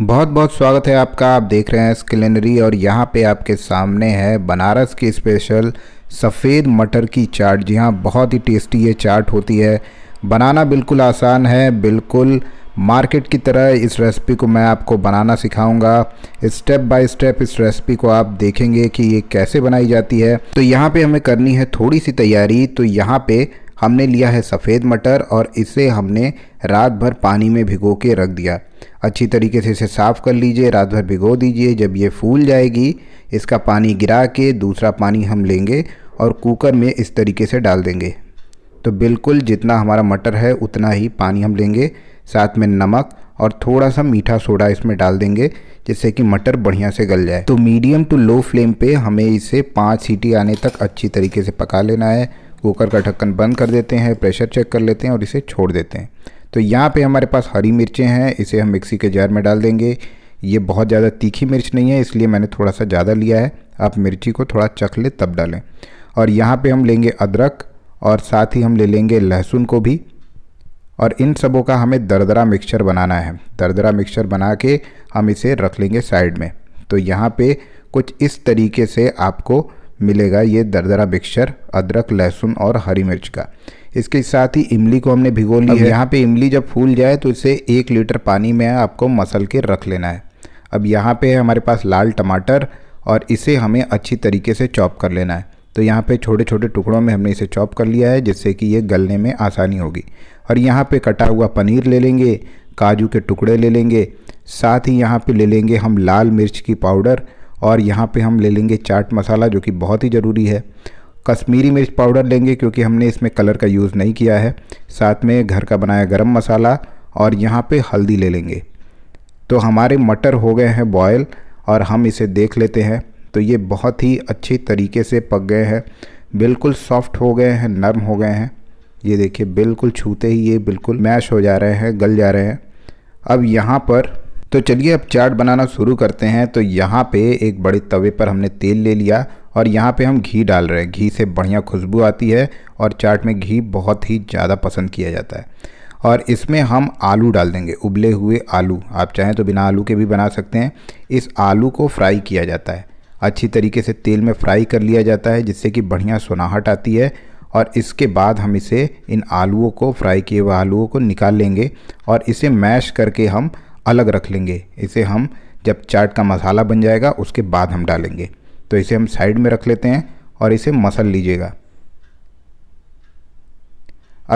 बहुत बहुत स्वागत है आपका आप देख रहे हैं स्किलनरी और यहाँ पे आपके सामने है बनारस की स्पेशल सफ़ेद मटर की चाट जी हाँ बहुत ही टेस्टी ये चाट होती है बनाना बिल्कुल आसान है बिल्कुल मार्केट की तरह इस रेसिपी को मैं आपको बनाना सिखाऊंगा स्टेप बाय स्टेप इस रेसिपी को आप देखेंगे कि ये कैसे बनाई जाती है तो यहाँ पे हमें करनी है थोड़ी सी तैयारी तो यहाँ पे हमने लिया है सफ़ेद मटर और इसे हमने रात भर पानी में भिगो के रख दिया अच्छी तरीके से इसे साफ़ कर लीजिए रात भर भिगो दीजिए जब ये फूल जाएगी इसका पानी गिरा के दूसरा पानी हम लेंगे और कुकर में इस तरीके से डाल देंगे तो बिल्कुल जितना हमारा मटर है उतना ही पानी हम लेंगे साथ में नमक और थोड़ा सा मीठा सोडा इसमें डाल देंगे जिससे कि मटर बढ़िया से गल जाए तो मीडियम टू लो फ्लेम पे हमें इसे पाँच सीटी आने तक अच्छी तरीके से पका लेना है कुकर का ढक्कन बंद कर देते हैं प्रेशर चेक कर लेते हैं और इसे छोड़ देते हैं तो यहाँ पे हमारे पास हरी मिर्चें हैं इसे हम मिक्सी के जार में डाल देंगे ये बहुत ज़्यादा तीखी मिर्च नहीं है इसलिए मैंने थोड़ा सा ज़्यादा लिया है आप मिर्ची को थोड़ा चख ले तब डालें और यहाँ पे हम लेंगे अदरक और साथ ही हम ले लेंगे लहसुन को भी और इन सबों का हमें दरदरा मिक्सचर बनाना है दरदरा मिक्सचर बना के हम इसे रख लेंगे साइड में तो यहाँ पर कुछ इस तरीके से आपको मिलेगा ये दरदरा मिक्सचर अदरक लहसुन और हरी मिर्च का इसके साथ ही इमली को हमने भिगो ली है यहाँ पे इमली जब फूल जाए तो इसे एक लीटर पानी में आपको मसल के रख लेना है अब यहाँ पे है हमारे पास लाल टमाटर और इसे हमें अच्छी तरीके से चॉप कर लेना है तो यहाँ पे छोटे छोटे टुकड़ों में हमने इसे चॉप कर लिया है जिससे कि ये गलने में आसानी होगी और यहाँ पर कटा हुआ पनीर ले लेंगे काजू के टुकड़े ले लेंगे साथ ही यहाँ पर ले लेंगे हम लाल मिर्च की पाउडर और यहाँ पे हम ले लेंगे चाट मसाला जो कि बहुत ही ज़रूरी है कश्मीरी मिर्च पाउडर लेंगे क्योंकि हमने इसमें कलर का यूज़ नहीं किया है साथ में घर का बनाया गरम मसाला और यहाँ पे हल्दी ले लेंगे तो हमारे मटर हो गए हैं बॉयल और हम इसे देख लेते हैं तो ये बहुत ही अच्छे तरीके से पक गए हैं बिल्कुल सॉफ्ट हो गए हैं नरम हो गए हैं ये देखिए बिल्कुल छूते ही ये बिल्कुल मैश हो जा रहे हैं गल जा रहे हैं अब यहाँ पर तो चलिए अब चाट बनाना शुरू करते हैं तो यहाँ पे एक बड़े तवे पर हमने तेल ले लिया और यहाँ पे हम घी डाल रहे हैं घी से बढ़िया खुशबू आती है और चाट में घी बहुत ही ज़्यादा पसंद किया जाता है और इसमें हम आलू डाल देंगे उबले हुए आलू आप चाहें तो बिना आलू के भी बना सकते हैं इस आलू को फ्राई किया जाता है अच्छी तरीके से तेल में फ्राई कर लिया जाता है जिससे कि बढ़िया सोनाहट आती है और इसके बाद हम इसे इन आलूओं को फ्राई किए हुए आलूओं को निकाल लेंगे और इसे मैश करके हम अलग रख लेंगे इसे हम जब चाट का मसाला बन जाएगा उसके बाद हम डालेंगे तो इसे हम साइड में रख लेते हैं और इसे मसल लीजिएगा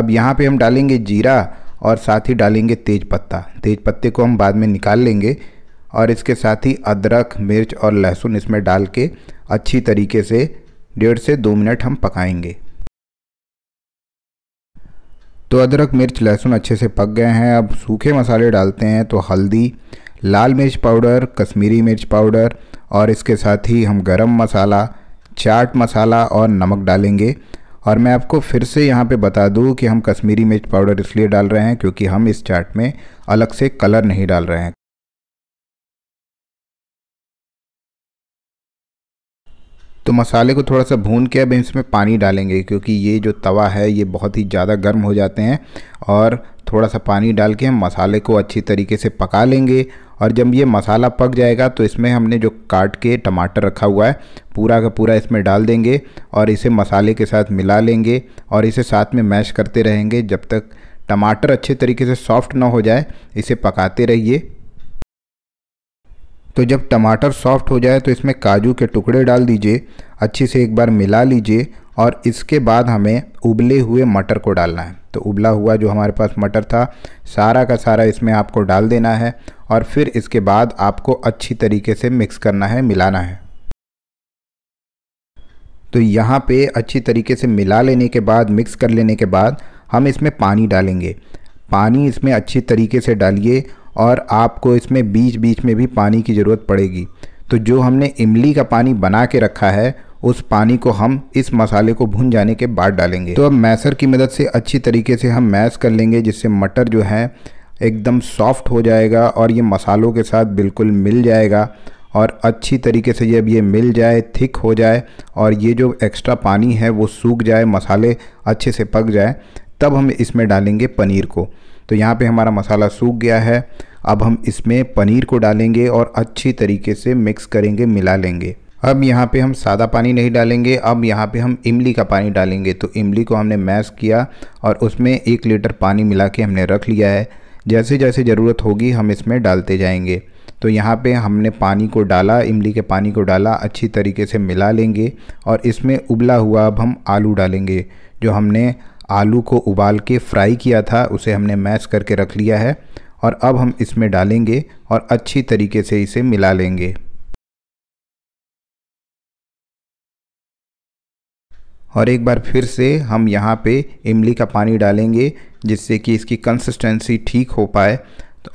अब यहाँ पे हम डालेंगे जीरा और साथ ही डालेंगे तेज पत्ता तेज पत्ते को हम बाद में निकाल लेंगे और इसके साथ ही अदरक मिर्च और लहसुन इसमें डाल के अच्छी तरीके से डेढ़ से दो मिनट हम पकाएंगे तो अदरक मिर्च लहसुन अच्छे से पक गए हैं अब सूखे मसाले डालते हैं तो हल्दी लाल मिर्च पाउडर कश्मीरी मिर्च पाउडर और इसके साथ ही हम गरम मसाला चाट मसाला और नमक डालेंगे और मैं आपको फिर से यहाँ पे बता दूँ कि हम कश्मीरी मिर्च पाउडर इसलिए डाल रहे हैं क्योंकि हम इस चाट में अलग से कलर नहीं डाल रहे हैं तो मसाले को थोड़ा सा भून के अब इसमें पानी डालेंगे क्योंकि ये जो तवा है ये बहुत ही ज़्यादा गर्म हो जाते हैं और थोड़ा सा पानी डाल के हम मसाले को अच्छी तरीके से पका लेंगे और जब ये मसाला पक जाएगा तो इसमें हमने जो काट के टमाटर रखा हुआ है पूरा का पूरा इसमें डाल देंगे और इसे मसाले के साथ मिला लेंगे और इसे साथ में मैश करते रहेंगे जब तक टमाटर अच्छे तरीके से सॉफ्ट ना हो जाए इसे पकाते रहिए तो जब टमाटर सॉफ्ट हो जाए तो इसमें काजू के टुकड़े डाल दीजिए अच्छे से एक बार मिला लीजिए और इसके बाद हमें उबले हुए मटर को डालना है तो उबला हुआ जो हमारे पास मटर था सारा का सारा इसमें आपको डाल देना है और फिर इसके बाद आपको अच्छी तरीके से मिक्स करना है मिलाना है तो यहाँ पे अच्छी तरीके से मिला लेने के बाद मिक्स कर लेने के बाद हम इसमें पानी डालेंगे पानी इसमें अच्छी तरीके से डालिए और आपको इसमें बीच बीच में भी पानी की ज़रूरत पड़ेगी तो जो हमने इमली का पानी बना के रखा है उस पानी को हम इस मसाले को भुन जाने के बाद डालेंगे तो अब मैसर की मदद से अच्छी तरीके से हम मैस कर लेंगे जिससे मटर जो है एकदम सॉफ्ट हो जाएगा और ये मसालों के साथ बिल्कुल मिल जाएगा और अच्छी तरीके से जब ये मिल जाए थिक हो जाए और ये जो एक्स्ट्रा पानी है वो सूख जाए मसाले अच्छे से पक जाए तब हम इसमें डालेंगे पनीर को तो यहाँ पे हमारा मसाला सूख गया है अब हम इसमें पनीर को डालेंगे और अच्छी तरीके से मिक्स करेंगे मिला लेंगे अब यहाँ पे हम सादा पानी नहीं डालेंगे अब यहाँ पे हम इमली का पानी डालेंगे तो इमली को हमने मैश किया और उसमें एक लीटर पानी मिला के हमने रख लिया है जैसे जैसे ज़रूरत होगी हम इसमें डालते जाएंगे तो यहाँ पे हमने पानी को डाला इमली के पानी को डाला अच्छी तरीके से मिला लेंगे और इसमें उबला हुआ अब हम आलू डालेंगे जो हमने आलू को उबाल के फ्राई किया था उसे हमने मैश करके रख लिया है और अब हम इसमें डालेंगे और अच्छी तरीके से इसे मिला लेंगे और एक बार फिर से हम यहाँ पे इमली का पानी डालेंगे जिससे कि इसकी कंसिस्टेंसी ठीक हो पाए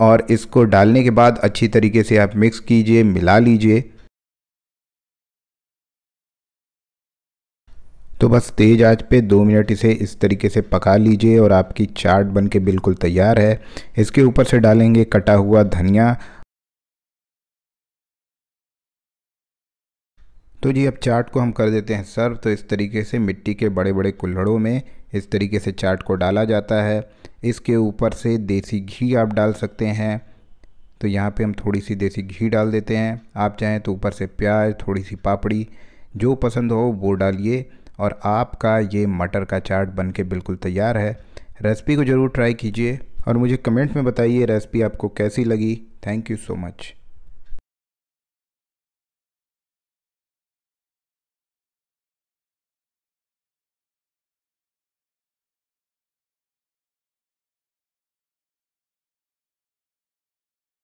और इसको डालने के बाद अच्छी तरीके से आप मिक्स कीजिए मिला लीजिए तो बस तेज़ आंच पे दो मिनट इसे इस तरीके से पका लीजिए और आपकी चाट बन के बिल्कुल तैयार है इसके ऊपर से डालेंगे कटा हुआ धनिया तो जी अब चाट को हम कर देते हैं सर्व तो इस तरीके से मिट्टी के बड़े बड़े कुल्हड़ों में इस तरीके से चाट को डाला जाता है इसके ऊपर से देसी घी आप डाल सकते हैं तो यहाँ पे हम थोड़ी सी देसी घी डाल देते हैं आप चाहें तो ऊपर से प्याज थोड़ी सी पापड़ी जो पसंद हो वो डालिए और आपका ये मटर का चाट बन के बिल्कुल तैयार है रेसिपी को ज़रूर ट्राई कीजिए और मुझे कमेंट में बताइए रेसिपी आपको कैसी लगी थैंक यू सो मच